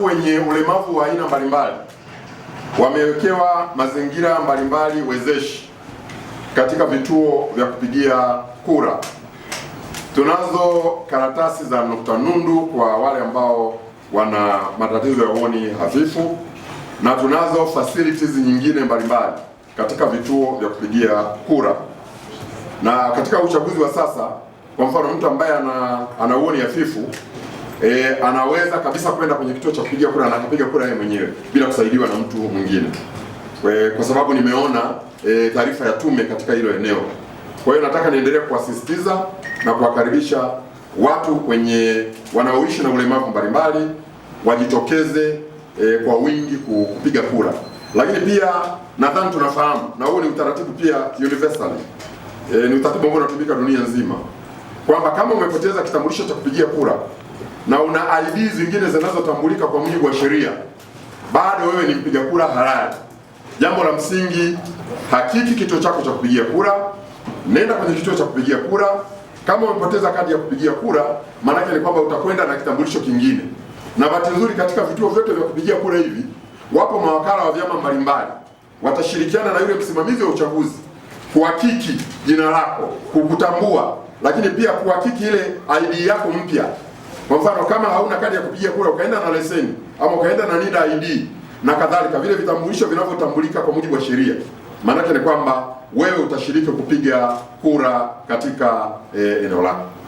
wenye ulemavu wa aina mbalimbali wamewekewa mazingira mbalimbali wezeshi katika vituo vya kupigia kura. Tunazo karatasi za nukta nundu kwa wale ambao wana matatizo ya uoni hafifu na tunazo facilities nyingine mbalimbali katika vituo vya kupigia kura. Na katika uchaguzi wa sasa, kwa mfano, mtu ambaye ana, ana uoni hafifu e, anaweza kabisa kwenda kwenye kituo cha kupiga kura na akapiga kura yeye mwenyewe bila kusaidiwa na mtu mwingine, e, kwa sababu nimeona e, taarifa ya tume katika hilo eneo. Kwa hiyo nataka niendelee kuwasisitiza na kuwakaribisha watu wenye wanaoishi na ulemavu mbalimbali wajitokeze e, kwa wingi kupiga kura, lakini pia nadhani tunafahamu na huu ni utaratibu pia universal. E, ni utaratibu ambao unatumika dunia nzima kwamba kama umepoteza kitambulisho cha kupigia kura na una ID zingine zinazotambulika kwa mujibu wa sheria, bado wewe ni mpiga kura halali. Jambo la msingi, hakiki kituo chako cha kupigia kura, nenda kwenye kituo cha kupigia kura. Kama umepoteza kadi ya kupigia kura, maana ni kwamba utakwenda na kitambulisho kingine. Na bahati nzuri, katika vituo vyote vya kupigia kura hivi wapo mawakala wa vyama mbalimbali, watashirikiana na yule msimamizi wa uchaguzi kuhakiki jina lako, kukutambua, lakini pia kuhakiki ile ID yako mpya kwa mfano kama hauna kadi ya kupigia kura ukaenda na leseni ama ukaenda na NIDA ID na kadhalika, vile vitambulisho vinavyotambulika kwa mujibu wa sheria, maanake ni kwamba wewe utashiriki kupiga kura katika eh, eneo eh, lako.